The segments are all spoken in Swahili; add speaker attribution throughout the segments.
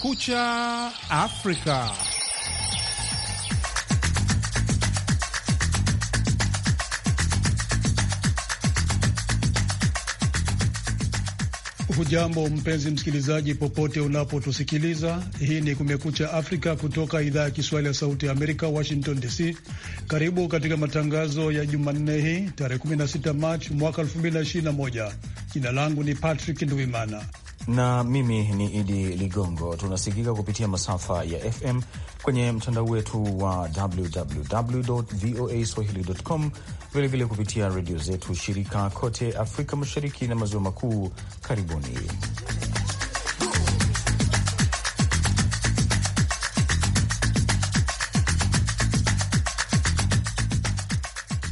Speaker 1: Kumekucha Afrika.
Speaker 2: Hujambo mpenzi msikilizaji, popote unapotusikiliza. Hii ni Kumekucha Afrika kutoka idhaa ya Kiswahili ya Sauti ya Amerika, Washington DC. Karibu katika matangazo ya Jumanne hii tarehe 16 Machi mwaka 2021. Jina langu ni Patrick Ndwimana
Speaker 3: na mimi ni Idi Ligongo. Tunasikika kupitia masafa ya FM kwenye mtandao wetu wa www voa swahilicom, vilevile kupitia redio zetu shirika kote Afrika Mashariki na Maziwa Makuu. Karibuni.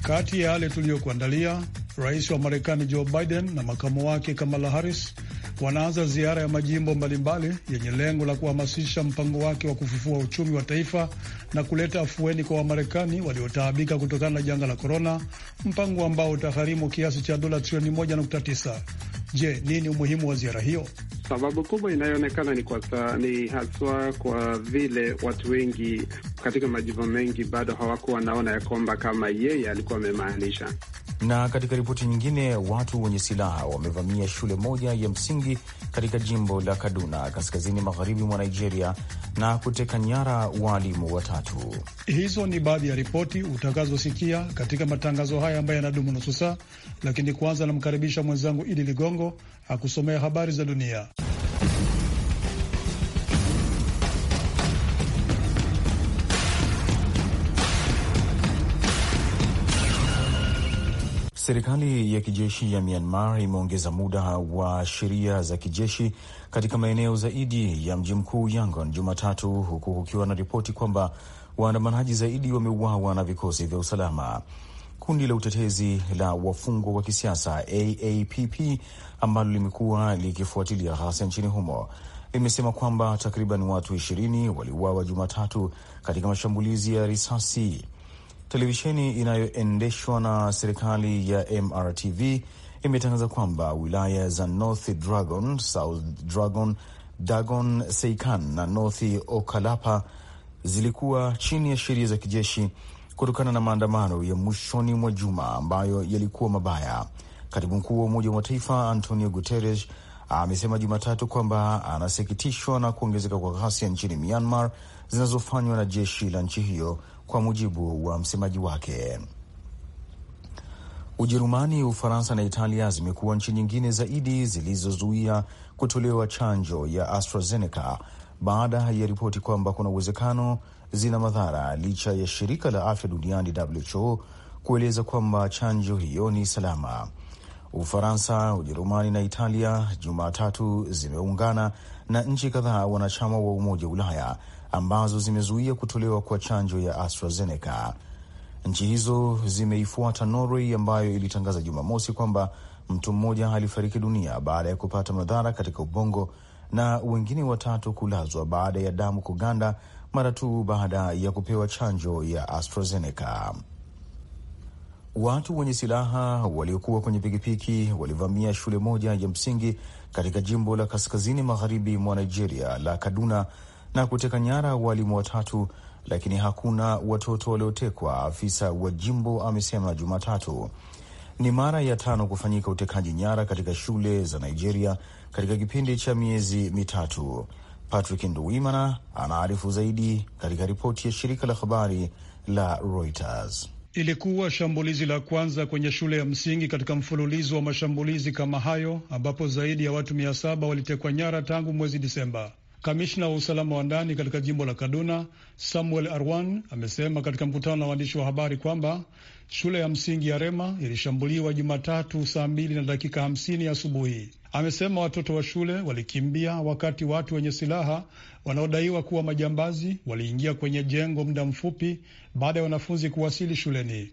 Speaker 2: Kati ya yale tuliyokuandalia, rais wa Marekani Joe Biden na makamu wake Kamala Harris wanaanza ziara ya majimbo mbalimbali yenye lengo la kuhamasisha mpango wake wa kufufua uchumi wa taifa na kuleta afueni kwa Wamarekani waliotaabika kutokana na janga la korona, mpango ambao utagharimu kiasi cha dola trilioni 1.9. Je, nini umuhimu wa ziara hiyo?
Speaker 1: Sababu kubwa inayoonekana ni kwa ni haswa kwa vile watu wengi katika majimbo mengi bado hawakuwa wanaona ya kwamba kama yeye alikuwa amemaanisha
Speaker 3: na katika ripoti nyingine, watu wenye silaha wamevamia shule moja ya msingi katika jimbo la Kaduna kaskazini magharibi mwa Nigeria na kuteka nyara waalimu watatu.
Speaker 2: Hizo ni baadhi ya ripoti utakazosikia katika matangazo haya ambayo yanadumu nusu saa, lakini kwanza namkaribisha mwenzangu Idi Ligongo akusomea habari za dunia.
Speaker 3: Serikali ya kijeshi ya Myanmar imeongeza muda wa sheria za kijeshi katika maeneo zaidi ya mji mkuu Yangon Jumatatu, huku kukiwa na ripoti kwamba waandamanaji zaidi wameuawa na vikosi vya usalama. Kundi la utetezi la wafungwa wa kisiasa AAPP ambalo limekuwa likifuatilia ghasia nchini humo limesema kwamba takriban watu ishirini waliuawa Jumatatu katika mashambulizi ya risasi Televisheni inayoendeshwa na serikali ya MRTV imetangaza kwamba wilaya za North Dragon, South Dragon, Dagon, Seikan na North Okalapa zilikuwa chini ya sheria za kijeshi kutokana na maandamano ya mwishoni mwa juma ambayo yalikuwa mabaya. Katibu mkuu wa Umoja wa Mataifa Antonio Guterres amesema Jumatatu kwamba anasikitishwa na kuongezeka kwa ghasia nchini Myanmar zinazofanywa na jeshi la nchi hiyo kwa mujibu wa msemaji wake. Ujerumani, Ufaransa na Italia zimekuwa nchi nyingine zaidi zilizozuia kutolewa chanjo ya AstraZeneca baada ya ripoti kwamba kuna uwezekano zina madhara, licha ya shirika la afya duniani WHO kueleza kwamba chanjo hiyo ni salama. Ufaransa, Ujerumani na Italia Jumatatu zimeungana na nchi kadhaa wanachama wa Umoja wa Ulaya ambazo zimezuia kutolewa kwa chanjo ya AstraZeneca. Nchi hizo zimeifuata Norway ambayo ilitangaza Jumamosi kwamba mtu mmoja alifariki dunia baada ya kupata madhara katika ubongo na wengine watatu kulazwa baada ya damu kuganda mara tu baada ya kupewa chanjo ya AstraZeneca. Watu wenye silaha waliokuwa kwenye pikipiki walivamia shule moja ya msingi katika jimbo la kaskazini magharibi mwa Nigeria la Kaduna na kuteka nyara walimu watatu, lakini hakuna watoto waliotekwa, afisa wa jimbo amesema Jumatatu. Ni mara ya tano kufanyika utekaji nyara katika shule za Nigeria katika kipindi cha miezi mitatu. Patrick Nduwimana anaarifu zaidi katika ripoti ya shirika la habari la Reuters.
Speaker 2: Ilikuwa shambulizi la kwanza kwenye shule ya msingi katika mfululizo wa mashambulizi kama hayo ambapo zaidi ya watu mia saba walitekwa nyara tangu mwezi Disemba. Kamishna wa usalama wa ndani katika jimbo la Kaduna, Samuel Arwan, amesema katika mkutano na waandishi wa habari kwamba shule ya msingi ya Rema ilishambuliwa Jumatatu saa mbili na dakika hamsini asubuhi. Amesema watoto wa shule walikimbia wakati watu wenye silaha wanaodaiwa kuwa majambazi waliingia kwenye jengo muda mfupi baada ya wanafunzi kuwasili shuleni.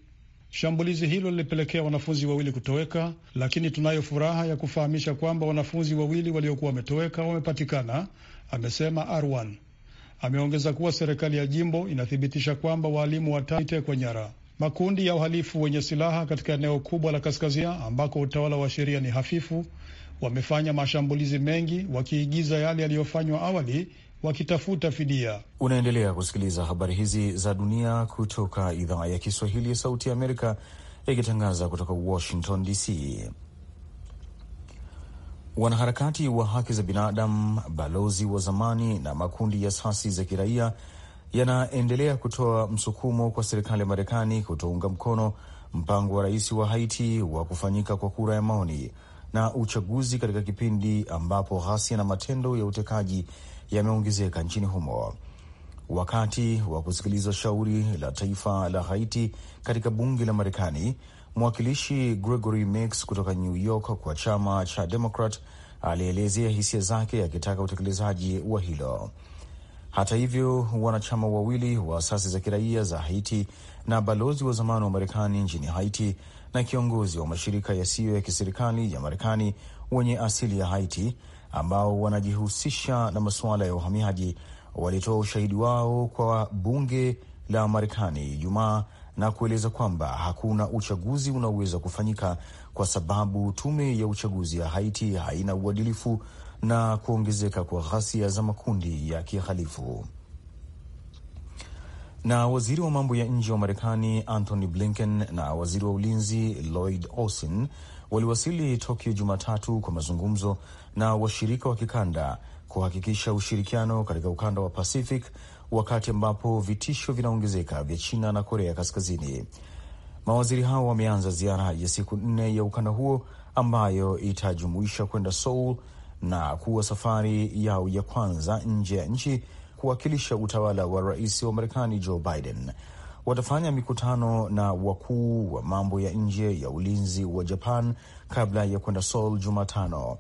Speaker 2: Shambulizi hilo lilipelekea wanafunzi wawili kutoweka, lakini tunayo furaha ya kufahamisha kwamba wanafunzi wawili waliokuwa wametoweka wamepatikana amesema Arwan. Ameongeza kuwa serikali ya jimbo inathibitisha kwamba waalimu watatekwa nyara. Makundi ya uhalifu wenye silaha katika eneo kubwa la kaskazini ambako utawala wa sheria ni hafifu wamefanya mashambulizi mengi wakiigiza yale yaliyofanywa awali wakitafuta fidia.
Speaker 3: Unaendelea kusikiliza habari hizi za dunia kutoka idhaa ya Kiswahili ya Sauti ya Amerika ikitangaza kutoka Washington DC. Wanaharakati wa haki za binadamu, balozi wa zamani na makundi ya asasi za kiraia yanaendelea kutoa msukumo kwa serikali ya Marekani kutounga mkono mpango wa rais wa Haiti wa kufanyika kwa kura ya maoni na uchaguzi katika kipindi ambapo ghasia na matendo ya utekaji yameongezeka nchini humo. Wakati wa kusikiliza shauri la taifa la Haiti katika bunge la Marekani, Mwakilishi Gregory Mix kutoka New York kwa chama cha Demokrat alielezea hisia zake akitaka utekelezaji wa hilo. Hata hivyo, wanachama wawili wa asasi za kiraia za Haiti na balozi wa zamani wa Marekani nchini Haiti na kiongozi wa mashirika yasiyo ya kiserikali ya Marekani wenye asili ya Haiti ambao wanajihusisha na masuala ya uhamiaji walitoa ushahidi wao kwa bunge la Marekani Ijumaa na kueleza kwamba hakuna uchaguzi unaoweza kufanyika kwa sababu tume ya uchaguzi ya Haiti haina uadilifu na kuongezeka kwa ghasia za makundi ya kihalifu. Na waziri wa mambo ya nje wa Marekani Antony Blinken na waziri wa ulinzi Lloyd Austin waliwasili Tokyo Jumatatu kwa mazungumzo na washirika wa kikanda kuhakikisha ushirikiano katika ukanda wa Pacific wakati ambapo vitisho vinaongezeka vya China na Korea Kaskazini. Mawaziri hao wameanza ziara ya siku nne ya ukanda huo ambayo itajumuisha kwenda Seoul na kuwa safari yao ya kwanza nje ya nchi kuwakilisha utawala wa rais wa Marekani Joe Biden watafanya mikutano na wakuu wa mambo ya nje ya ulinzi wa Japan kabla ya kwenda Seoul Jumatano.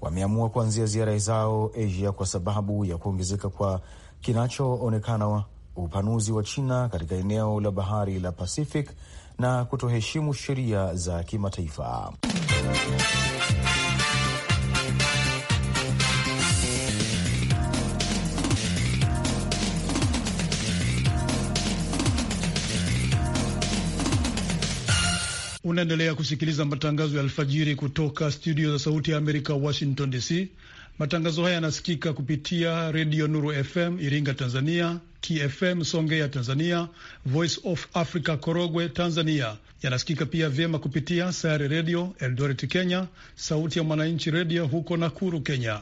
Speaker 3: Wameamua kuanzia ziara zao Asia kwa sababu ya kuongezeka kwa kinachoonekana upanuzi wa China katika eneo la bahari la Pacific na kutoheshimu sheria za kimataifa.
Speaker 2: Unaendelea kusikiliza matangazo ya alfajiri kutoka studio za Sauti ya Amerika, Washington DC. Matangazo haya yanasikika kupitia Redio Nuru FM Iringa Tanzania, KFM Songea Tanzania, Voice of Africa Korogwe Tanzania. Yanasikika pia vyema kupitia Sayare Redio Eldoret Kenya, Sauti ya Mwananchi Redio huko Nakuru Kenya.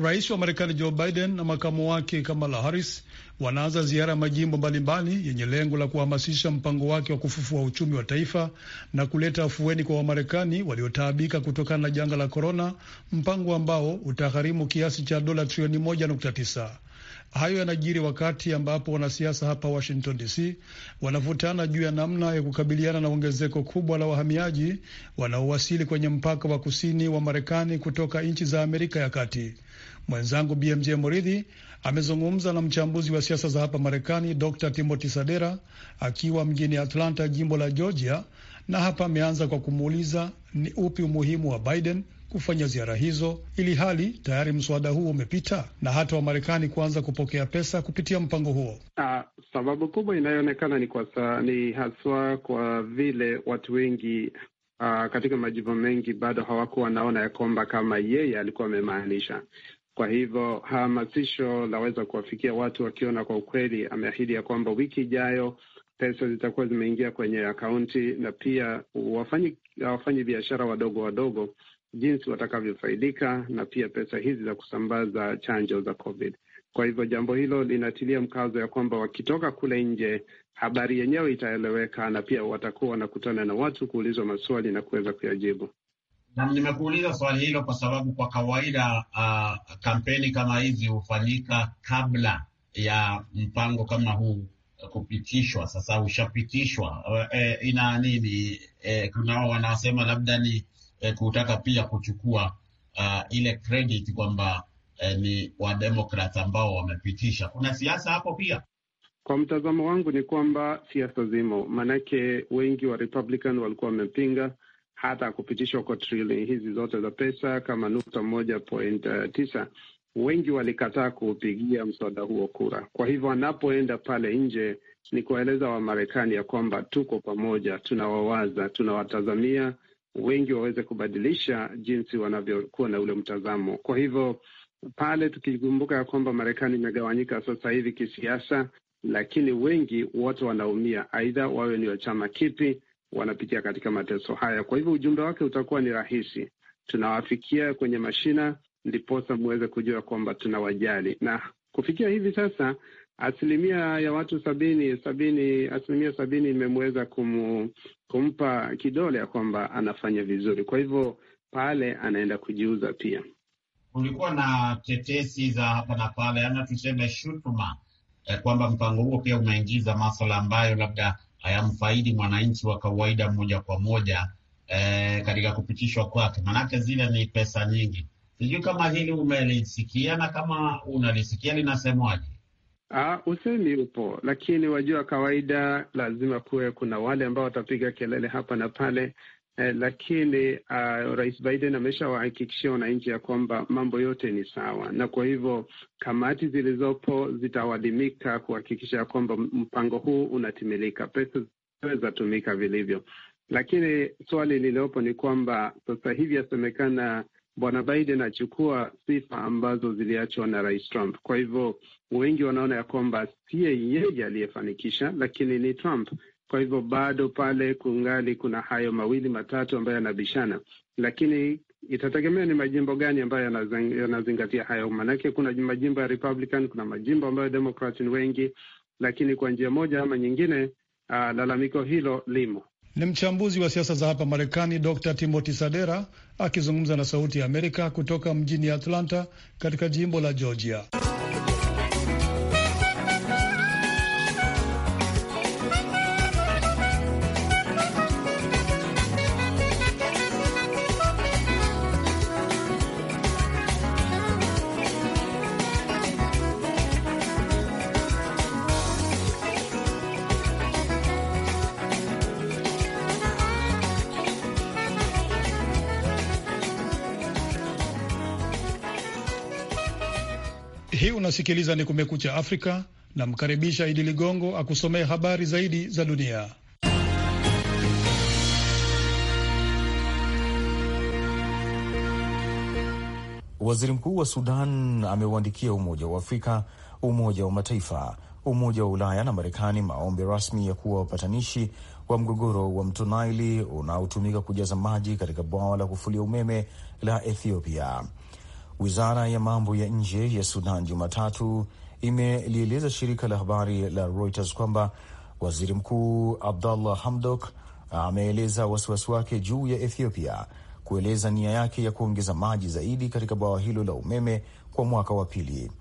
Speaker 2: Rais wa Marekani Joe Biden na makamu wake Kamala Harris wanaanza ziara ya majimbo mbalimbali yenye lengo la kuhamasisha mpango wake wa kufufua uchumi wa taifa na kuleta afueni kwa Wamarekani waliotaabika kutokana na janga la korona, mpango ambao utagharimu kiasi cha dola trilioni moja nukta tisa. Hayo yanajiri wakati ambapo wanasiasa hapa Washington DC wanavutana juu ya namna ya kukabiliana na ongezeko kubwa la wahamiaji wanaowasili kwenye mpaka wa kusini wa Marekani kutoka nchi za Amerika ya Kati. Mwenzangu BMJ Moridhi amezungumza na mchambuzi wa siasa za hapa Marekani Dr Timothy Sadera akiwa mjini Atlanta, jimbo la Georgia, na hapa ameanza kwa kumuuliza ni upi umuhimu wa Biden kufanya ziara hizo, ili hali tayari mswada huo umepita na hata Wamarekani kuanza kupokea pesa kupitia mpango huo.
Speaker 1: Uh, sababu kubwa inayoonekana ni kwa ni haswa kwa vile watu wengi uh, katika majimbo mengi bado hawakuwa wanaona ya kwamba kama yeye alikuwa amemaanisha. Kwa hivyo hamasisho laweza kuwafikia watu wakiona kwa ukweli ameahidi ya kwamba wiki ijayo pesa zitakuwa zimeingia kwenye akaunti na pia wafanyi, wafanyi biashara wadogo wadogo jinsi watakavyofaidika na pia pesa hizi za kusambaza chanjo za COVID. Kwa hivyo jambo hilo linatilia mkazo ya kwamba wakitoka kule nje, habari yenyewe itaeleweka na pia watakuwa wanakutana na watu kuulizwa maswali na kuweza kuyajibu. nimekuuliza swali hilo kwa sababu kwa kawaida uh, kampeni kama hizi hufanyika kabla ya mpango kama huu kupitishwa. Sasa ushapitishwa, eh, ina nini? Eh, kunao wanaosema labda ni eh, kutaka pia kuchukua uh, ile credit kwamba eh, ni wademokrat ambao wamepitisha. Kuna siasa hapo pia. Kwa mtazamo wangu ni kwamba siasa zimo, maanake wengi wa Republican walikuwa wamepinga hata kupitishwa kwa trilioni hizi zote za pesa kama nukta moja point uh, tisa. Wengi walikataa kuupigia mswada huo kura. Kwa hivyo anapoenda pale nje ni kuwaeleza Wamarekani ya kwamba tuko pamoja, tunawawaza, tunawatazamia wengi waweze kubadilisha jinsi wanavyokuwa na ule mtazamo. Kwa hivyo pale tukikumbuka ya kwamba Marekani imegawanyika sasa hivi kisiasa, lakini wengi wote wanaumia, aidha wawe ni wachama chama kipi, wanapitia katika mateso haya. Kwa hivyo ujumbe wake utakuwa ni rahisi, tunawafikia kwenye mashina, ndiposa mweze kujua kwamba tunawajali. Na kufikia hivi sasa asilimia ya watu sabini sabini asilimia sabini imemweza kum, kumpa kidole ya kwamba anafanya vizuri. Kwa hivyo pale anaenda kujiuza pia. Kulikuwa na tetesi za hapa na pale, ana tuseme shutuma eh, kwamba mpango huo pia unaingiza maswala ambayo labda hayamfaidi mwananchi wa kawaida moja kwa moja eh, katika kupitishwa kwake, manake zile ni pesa nyingi. Sijui kama hili umelisikia na kama unalisikia linasemwaji Aa, ah, usemi upo, lakini wajua, kawaida lazima kuwe kuna wale ambao watapiga kelele hapa na pale eh, lakini uh, Rais Biden ameshawahakikishia wananchi ya kwamba mambo yote ni sawa, na kwa hivyo kamati zilizopo zitawadimika kuhakikisha ya kwamba mpango huu unatimilika, pesa tumika vilivyo. Lakini swali lililopo ni kwamba sasa hivi yasemekana Bwana Biden achukua sifa ambazo ziliachwa na Rais Trump. Kwa hivyo wengi wanaona ya kwamba siye yeye aliyefanikisha, lakini ni Trump. Kwa hivyo bado pale kungali kuna hayo mawili matatu ambayo yanabishana, lakini itategemea ni majimbo gani ambayo yanazingatia hayo. Maanake kuna majimbo ya Republican, kuna majimbo ambayo Democrat ni wengi, lakini kwa njia moja ama nyingine, uh, lalamiko hilo limo.
Speaker 2: Ni mchambuzi wa siasa za hapa Marekani, Dr Timothy Sadera akizungumza na Sauti ya Amerika kutoka mjini Atlanta katika jimbo la Georgia. Hii unasikiliza ni Kumekucha Afrika. Namkaribisha Idi Ligongo akusomee habari zaidi za dunia. Waziri mkuu wa
Speaker 3: Sudan ameuandikia Umoja wa Afrika, Umoja wa Mataifa, Umoja wa Ulaya na Marekani maombi rasmi ya kuwa wapatanishi wa mgogoro wa mto Naili unaotumika kujaza maji katika bwawa la kufulia umeme la Ethiopia. Wizara ya mambo ya nje ya Sudan Jumatatu imelieleza shirika la habari la Reuters kwamba waziri mkuu Abdallah Hamdok ameeleza wasiwasi wake juu ya Ethiopia kueleza nia yake ya kuongeza maji zaidi katika bwawa hilo la umeme kwa mwaka wa pili.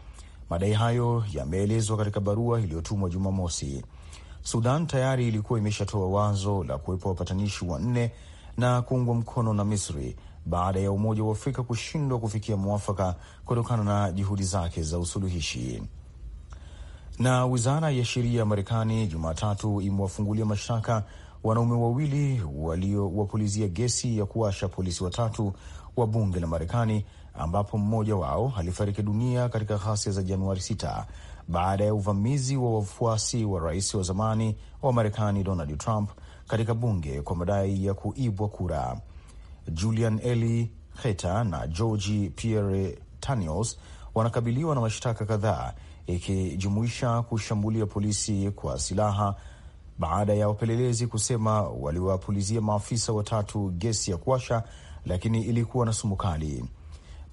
Speaker 3: Madai hayo yameelezwa katika barua iliyotumwa Jumamosi. Sudan tayari ilikuwa imeshatoa wazo la kuwepo wapatanishi wanne na kuungwa mkono na Misri baada ya Umoja wa Afrika kushindwa kufikia mwafaka kutokana na juhudi zake za usuluhishi. Na wizara ya sheria ya Marekani Jumatatu imewafungulia mashtaka wanaume wawili waliowapulizia gesi ya kuwasha polisi watatu wa bunge la Marekani, ambapo mmoja wao alifariki dunia katika ghasia za Januari 6 baada ya uvamizi wa wafuasi wa rais wa zamani wa Marekani Donald Trump katika bunge kwa madai ya kuibwa kura. Julian Eli Heta na Georgi Pierre Tanios wanakabiliwa na mashtaka kadhaa ikijumuisha kushambulia polisi kwa silaha baada ya wapelelezi kusema waliwapulizia maafisa watatu gesi ya kuasha, lakini ilikuwa na sumu kali.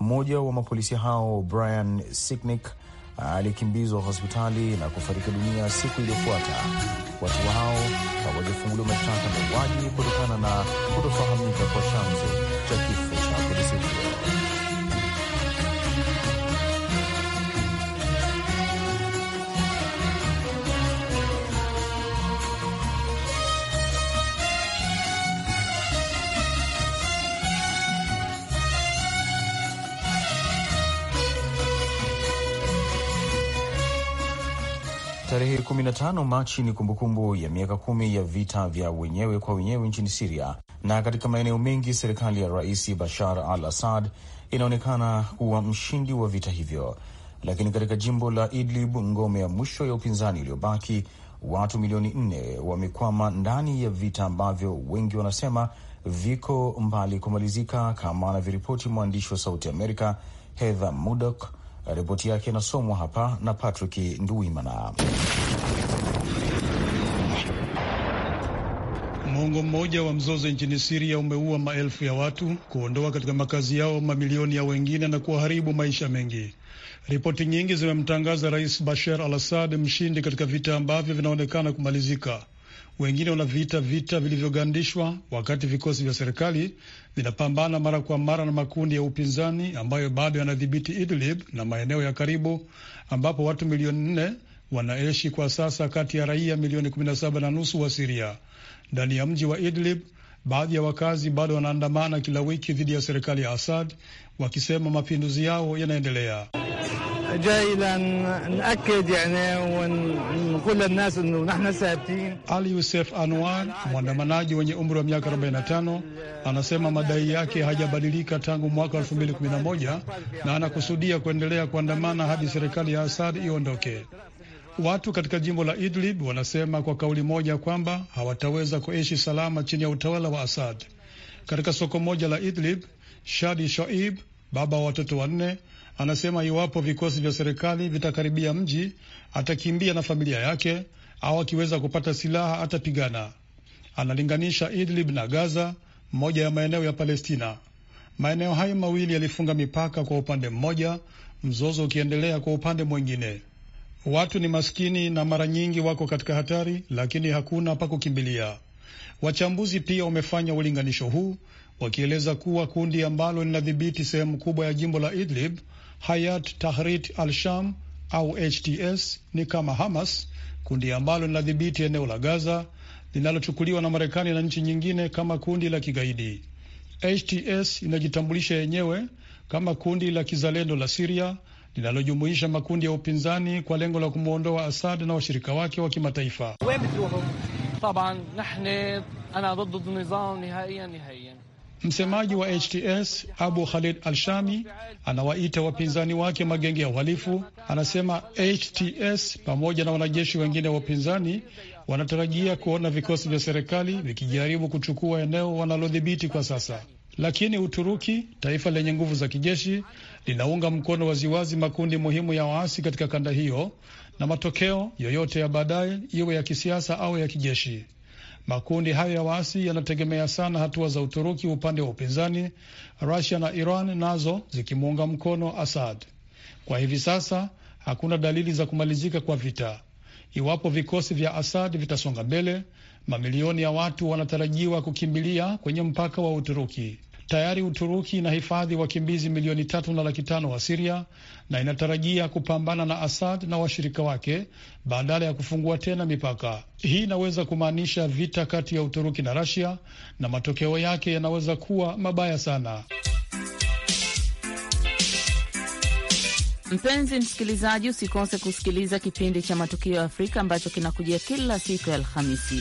Speaker 3: Mmoja wa mapolisi hao Brian Siknik alikimbizwa hospitali na kufariki dunia siku iliyofuata. Watu hao hawajafunguliwa mashtaka mauaji kutokana na kutofahamika kwa chanzo cha kifo. Tarehe 15 Machi ni kumbukumbu ya miaka kumi ya vita vya wenyewe kwa wenyewe nchini Siria, na katika maeneo mengi serikali ya Rais Bashar al Assad inaonekana kuwa mshindi wa vita hivyo, lakini katika jimbo la Idlib, ngome ya mwisho ya upinzani iliyobaki, watu milioni nne wamekwama ndani ya vita ambavyo wengi wanasema viko mbali kumalizika, kama anavyoripoti mwandishi wa Sauti Amerika Heather Mudok. Ripoti yake inasomwa hapa na Patrick nduimana
Speaker 2: Muongo mmoja wa mzozo nchini Siria umeua maelfu ya watu, kuondoa katika makazi yao mamilioni ya wengine na kuharibu maisha mengi. Ripoti nyingi zimemtangaza Rais Bashar al Assad mshindi katika vita ambavyo vinaonekana kumalizika wengine wanaviita vita vilivyogandishwa, wakati vikosi vya serikali vinapambana mara kwa mara na makundi ya upinzani ambayo bado yanadhibiti Idlib na maeneo ya karibu, ambapo watu milioni nne wanaishi kwa sasa kati ya raia milioni kumi na saba na nusu wa Siria. Ndani ya mji wa Idlib, baadhi ya wakazi bado wanaandamana kila wiki dhidi ya serikali ya Asad wakisema mapinduzi yao yanaendelea. جاي لنأكد يعني ونقول للناس انه نحن ثابتين. Ali Yusef Anwar, mwandamanaji wenye umri wa miaka 45, anasema madai yake hajabadilika tangu mwaka 2011 na anakusudia kuendelea kuandamana hadi serikali ya Assad iondoke. Watu katika jimbo la Idlib wanasema kwa kauli moja kwamba hawataweza kuishi salama chini ya utawala wa Assad. Katika soko moja la Idlib, Shadi Shoaib, baba wa watoto wanne Anasema iwapo vikosi vya serikali vitakaribia mji atakimbia na familia yake, au akiweza kupata silaha atapigana. Analinganisha Idlib na Gaza, moja ya maeneo ya Palestina. Maeneo hayo mawili yalifunga mipaka kwa upande mmoja, mzozo ukiendelea kwa upande mwingine. Watu ni maskini na mara nyingi wako katika hatari, lakini hakuna pa kukimbilia. Wachambuzi pia wamefanya ulinganisho huu wakieleza kuwa kundi ambalo linadhibiti sehemu kubwa ya jimbo la Idlib Hayat Tahrir al-Sham au HTS ni kama Hamas, kundi ambalo linadhibiti eneo la Gaza linalochukuliwa na Marekani na nchi nyingine kama kundi la kigaidi. HTS inajitambulisha yenyewe kama kundi la kizalendo la Siria linalojumuisha makundi ya upinzani kwa lengo la kumwondoa Asad na washirika wake wa kimataifa. Msemaji wa HTS Abu Khalid Al-Shami anawaita wapinzani wake magenge ya uhalifu. Anasema HTS pamoja na wanajeshi wengine wa upinzani wanatarajia kuona vikosi vya serikali vikijaribu kuchukua eneo wanalodhibiti kwa sasa, lakini Uturuki, taifa lenye nguvu za kijeshi, linaunga mkono waziwazi makundi muhimu ya waasi katika kanda hiyo, na matokeo yoyote ya baadaye, iwe ya kisiasa au ya kijeshi Makundi hayo ya waasi yanategemea sana hatua za Uturuki upande wa upinzani, Rusia na Iran nazo zikimuunga mkono Asad. Kwa hivi sasa hakuna dalili za kumalizika kwa vita. Iwapo vikosi vya Asad vitasonga mbele, mamilioni ya watu wanatarajiwa kukimbilia kwenye mpaka wa Uturuki. Tayari Uturuki inahifadhi wakimbizi milioni tatu na laki tano wa Siria na inatarajia kupambana na Asad na washirika wake badala ya kufungua tena mipaka. Hii inaweza kumaanisha vita kati ya Uturuki na Rasia na matokeo yake yanaweza kuwa mabaya sana. Mpenzi msikilizaji, usikose kusikiliza kipindi cha Matukio ya Afrika ambacho kinakujia kila
Speaker 3: siku ya Alhamisi.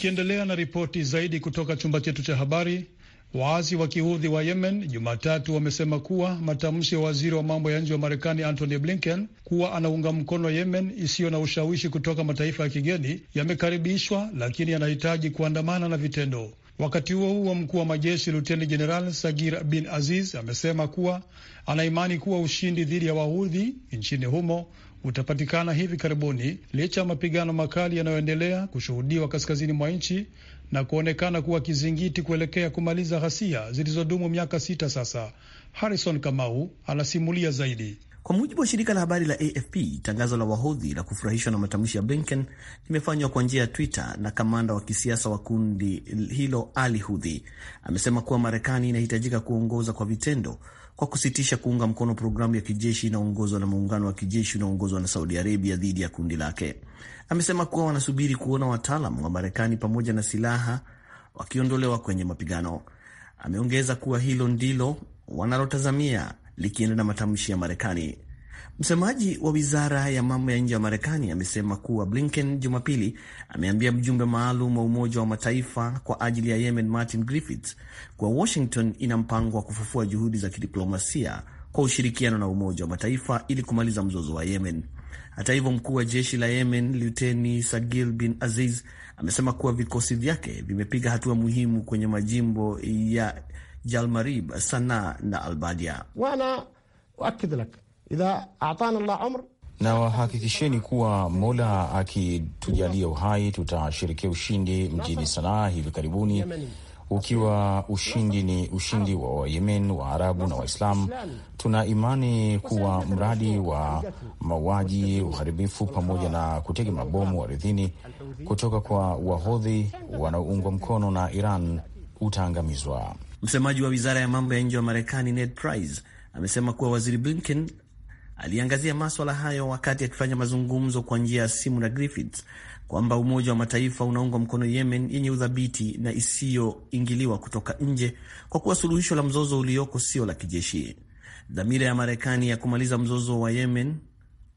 Speaker 2: Tukiendelea na ripoti zaidi kutoka chumba chetu cha habari, waasi wa kihudhi wa Yemen Jumatatu wamesema kuwa matamshi ya waziri wa mambo ya nje wa Marekani Antony Blinken kuwa anaunga mkono Yemen isiyo na ushawishi kutoka mataifa ya kigeni yamekaribishwa, lakini yanahitaji kuandamana na vitendo. Wakati huo huo, mkuu wa majeshi Luteni Jeneral Sagir bin Aziz amesema kuwa anaimani kuwa ushindi dhidi ya Wahudhi nchini humo utapatikana hivi karibuni licha ya mapigano makali yanayoendelea kushuhudiwa kaskazini mwa nchi na kuonekana kuwa kizingiti kuelekea kumaliza ghasia zilizodumu miaka sita sasa. Harrison Kamau anasimulia zaidi. Kwa mujibu wa
Speaker 4: shirika la habari la AFP, tangazo la wahodhi la kufurahishwa na matamshi ya Blinken limefanywa kwa njia ya Twitter na kamanda wa kisiasa wa kundi hilo Ali Hudhi. Amesema kuwa Marekani inahitajika kuongoza kwa vitendo kwa kusitisha kuunga mkono programu ya kijeshi inaongozwa na muungano wa kijeshi unaoongozwa na Saudi Arabia dhidi ya kundi lake. Amesema kuwa wanasubiri kuona wataalam wa Marekani pamoja na silaha wakiondolewa kwenye mapigano. Ameongeza kuwa hilo ndilo wanalotazamia likienda na matamshi ya Marekani. Msemaji wa wizara ya mambo ya nje ya Marekani amesema kuwa Blinken Jumapili ameambia mjumbe maalum wa Umoja wa Mataifa kwa ajili ya Yemen, Martin Griffiths, kuwa Washington ina mpango wa kufufua juhudi za kidiplomasia kwa ushirikiano na Umoja wa Mataifa ili kumaliza mzozo wa Yemen. Hata hivyo, mkuu wa jeshi la Yemen Luteni Sagil bin Aziz amesema kuwa vikosi vyake vimepiga hatua muhimu kwenye majimbo ya Jalmarib, sana na Albadia.
Speaker 1: Wana uakid lak idha atana Allah umr
Speaker 3: na wahakikisheni kuwa Mola akitujalia uhai tutasherekea ushindi mjini Sanaa hivi karibuni, ukiwa ushindi ni ushindi wa Wayemen, Waarabu na Waislamu. Tuna imani kuwa mradi wa mauaji, uharibifu pamoja na kutega mabomu ardhini kutoka kwa wahodhi wanaoungwa mkono na Iran utaangamizwa. Msemaji
Speaker 4: wa wizara ya mambo ya nje wa Marekani Ned Price amesema kuwa waziri Blinken aliangazia maswala hayo wakati akifanya mazungumzo kwa njia ya simu na Griffiths kwamba Umoja wa Mataifa unaungwa mkono Yemen yenye udhabiti na isiyoingiliwa kutoka nje kwa kuwa suluhisho la mzozo ulioko sio la kijeshi. Dhamira ya Marekani ya kumaliza mzozo wa Yemen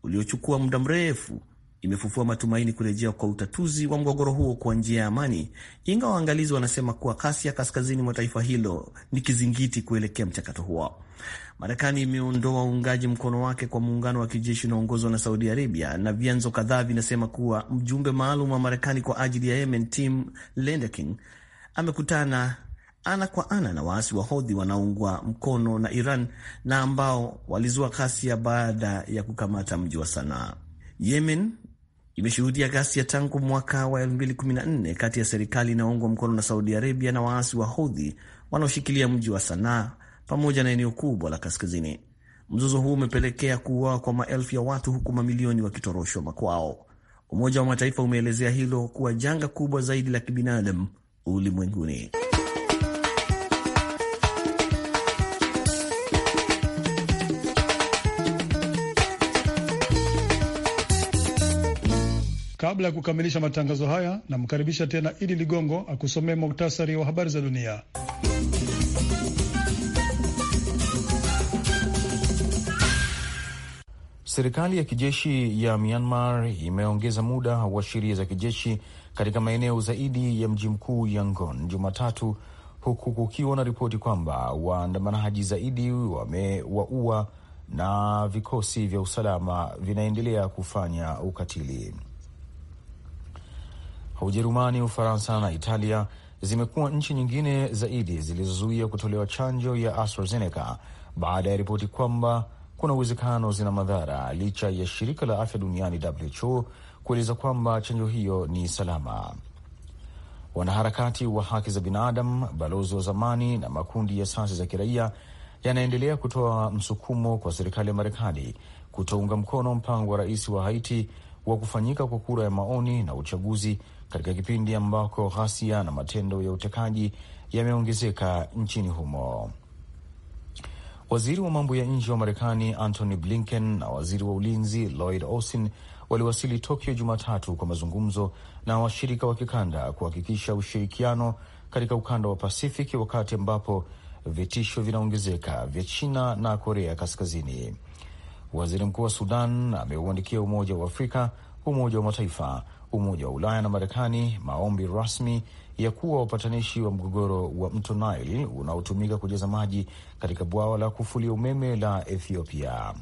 Speaker 4: uliochukua muda mrefu imefufua matumaini kurejea kwa utatuzi wa mgogoro huo kwa njia ya amani, ingawa waangalizi wanasema kuwa kasi ya kaskazini mwa taifa hilo ni kizingiti kuelekea mchakato huo. Marekani imeondoa uungaji mkono wake kwa muungano wa kijeshi unaoongozwa na Saudi Arabia, na vyanzo kadhaa vinasema kuwa mjumbe maalum wa Marekani kwa ajili ya Yemen, Tim Lenderking, amekutana ana kwa ana na waasi wa Hodhi wanaoungwa mkono na Iran na ambao walizua kasi ya baada ya kukamata mji wa Sanaa. Yemen imeshuhudia ghasia tangu mwaka wa 2014 kati ya serikali inayoungwa mkono na Saudi Arabia na waasi wa Houthi wanaoshikilia mji wa Sanaa pamoja na eneo kubwa la kaskazini. Mzozo huu umepelekea kuuawa kwa maelfu ya watu huku mamilioni wakitoroshwa makwao. Umoja wa Mataifa umeelezea hilo kuwa janga kubwa zaidi la kibinadamu ulimwenguni.
Speaker 2: Kabla ya kukamilisha matangazo haya, namkaribisha tena Idi Ligongo akusomee muktasari wa habari za dunia.
Speaker 3: Serikali ya kijeshi ya Myanmar imeongeza muda wa sheria za kijeshi katika maeneo zaidi ya mji mkuu Yangon Jumatatu, huku kukiwa na ripoti kwamba waandamanaji zaidi wamewaua na vikosi vya usalama vinaendelea kufanya ukatili. Ujerumani, Ufaransa na Italia zimekuwa nchi nyingine zaidi zilizozuia kutolewa chanjo ya AstraZeneca baada ya ripoti kwamba kuna uwezekano zina madhara, licha ya shirika la afya duniani WHO kueleza kwamba chanjo hiyo ni salama. Wanaharakati wa haki za binadamu, balozi wa zamani na makundi ya asasi za kiraia yanaendelea kutoa msukumo kwa serikali ya Marekani kutounga mkono mpango wa rais wa Haiti wa kufanyika kwa kura ya maoni na uchaguzi katika kipindi ambako ghasia na matendo ya utekaji yameongezeka nchini humo. Waziri wa mambo ya nje wa Marekani Antony Blinken na waziri wa ulinzi Lloyd Austin waliwasili Tokyo Jumatatu kwa mazungumzo na washirika wa kikanda kuhakikisha ushirikiano katika ukanda wa Pasifiki, wakati ambapo vitisho vinaongezeka vya China na Korea Kaskazini. Waziri mkuu wa Sudan ameuandikia Umoja wa Afrika, Umoja wa Mataifa Umoja wa Ulaya na Marekani maombi rasmi ya kuwa wapatanishi wa mgogoro wa mto Nile unaotumika kujaza maji katika bwawa la kufulia umeme la Ethiopia.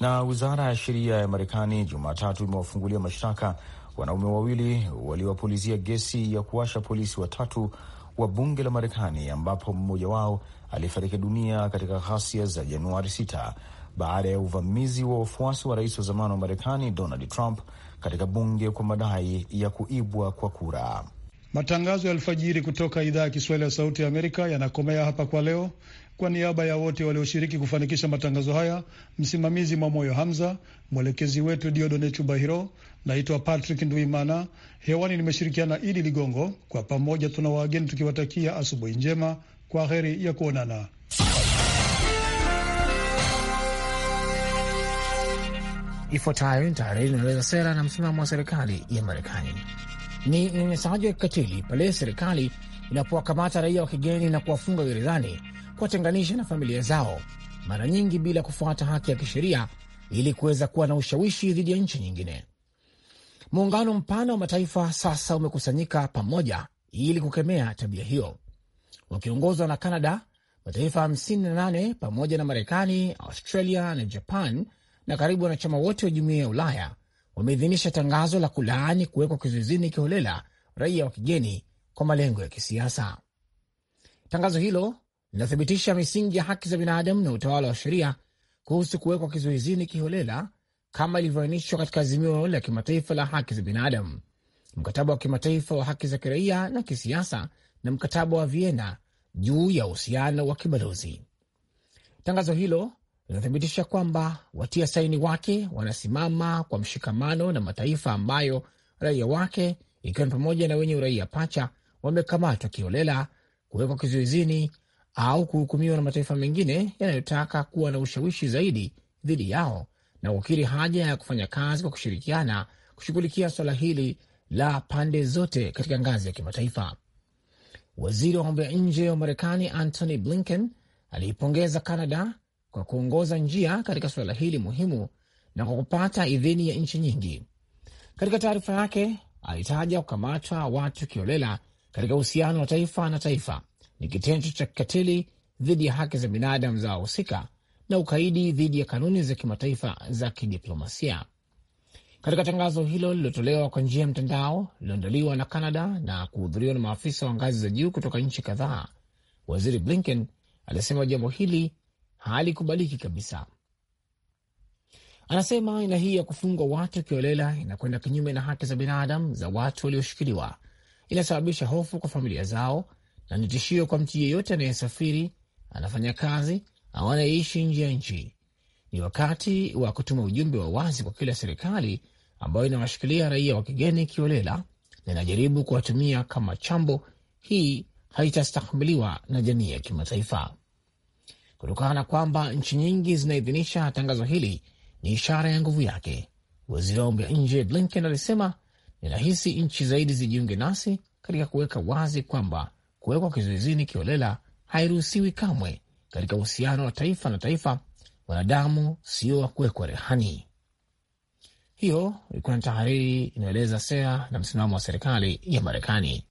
Speaker 3: Na wizara ya sheria ya Marekani Jumatatu imewafungulia mashtaka wanaume wawili waliwapulizia gesi ya kuwasha polisi watatu wa bunge la Marekani, ambapo mmoja wao alifariki dunia katika ghasia za Januari 6 baada ya uvamizi wa wafuasi wa rais wa zamani wa Marekani Donald Trump katika bunge kwa madai ya kuibwa kwa
Speaker 1: kura.
Speaker 2: Matangazo ya alfajiri kutoka idhaa ya Kiswahili ya Sauti ya Amerika yanakomea hapa kwa leo. Kwa niaba ya wote walioshiriki kufanikisha matangazo haya, msimamizi mwa moyo Hamza, mwelekezi wetu Diodone Chubahiro, naitwa Patrick Nduimana. Hewani nimeshirikiana Idi Ligongo. Kwa pamoja tuna wageni tukiwatakia asubuhi njema, kwa heri ya kuonana.
Speaker 5: Ifuatayo ni tahariri inaeleza sera na msimamo wa serikali ya Marekani. Ni unyanyasaji wa kikatili pale serikali inapowakamata raia wa kigeni na kuwafunga gerezani, kuwatenganisha na familia zao, mara nyingi bila kufuata haki ya kisheria, ili kuweza kuwa na ushawishi dhidi ya nchi nyingine. Muungano mpana wa mataifa sasa umekusanyika pamoja ili kukemea tabia hiyo, wakiongozwa na Kanada. Mataifa 58 pamoja na Marekani, Australia na Japan na karibu wanachama wote wa jumuiya ya Ulaya wameidhinisha tangazo la kulaani kuwekwa kizuizini kiholela raia wa kigeni kwa malengo ya kisiasa. Tangazo hilo linathibitisha misingi ya haki za binadamu na utawala wa sheria kuhusu kuwekwa kizuizini kiholela kama ilivyoainishwa katika azimio la kimataifa la haki za binadamu, mkataba wa kimataifa wa haki za kiraia na kisiasa na mkataba wa Viena juu ya uhusiano wa kibalozi. Tangazo hilo inathibitisha kwamba watia saini wake wanasimama kwa mshikamano na mataifa ambayo raia wake ikiwa ni pamoja na wenye uraia pacha wamekamatwa kiolela, kuwekwa kizuizini au kuhukumiwa na mataifa mengine yanayotaka kuwa na ushawishi zaidi dhidi yao na kukiri haja ya kufanya kazi kwa kushirikiana kushughulikia swala hili la pande zote katika ngazi ya kimataifa. Waziri wa mambo ya nje wa Marekani Antony Blinken aliipongeza Canada kwa kuongoza njia katika suala hili muhimu na kwa kupata idhini ya nchi nyingi. Katika taarifa yake alitaja kukamatwa watu kiolela katika uhusiano wa taifa na taifa ni kitendo cha kikatili dhidi ya haki za binadamu za wahusika na ukaidi dhidi ya kanuni za kimataifa za kidiplomasia. Katika tangazo hilo lililotolewa kwa njia ya mtandao lililoandaliwa na Canada na kuhudhuriwa na maafisa wa ngazi za juu kutoka nchi kadhaa, waziri Blinken alisema jambo hili halikubaliki kabisa. Anasema aina hii ya kufungwa watu kiolela inakwenda kinyume na haki za binadamu za watu walioshikiliwa, inasababisha hofu kwa familia zao na ni tishio kwa mtu yeyote anayesafiri, anafanya kazi au anayeishi nje ya nchi. Ni wakati wa kutuma ujumbe wa wazi kwa kila serikali ambayo inawashikilia raia wa kigeni kiolela na inajaribu kuwatumia kama chambo. Hii haitastahimiliwa na jamii ya kimataifa kutokana na kwamba nchi nyingi zinaidhinisha tangazo hili, ni ishara ya nguvu yake. Waziri wa mambo ya nje Blinken alisema, ninahisi nchi zaidi zijiunge nasi katika kuweka wazi kwamba kuwekwa kizuizini kiolela hairuhusiwi kamwe katika uhusiano wa taifa na taifa. Wanadamu sio wa kuwekwa rehani. Hiyo ilikuwa ni tahariri inayoeleza sera na msimamo wa serikali ya Marekani.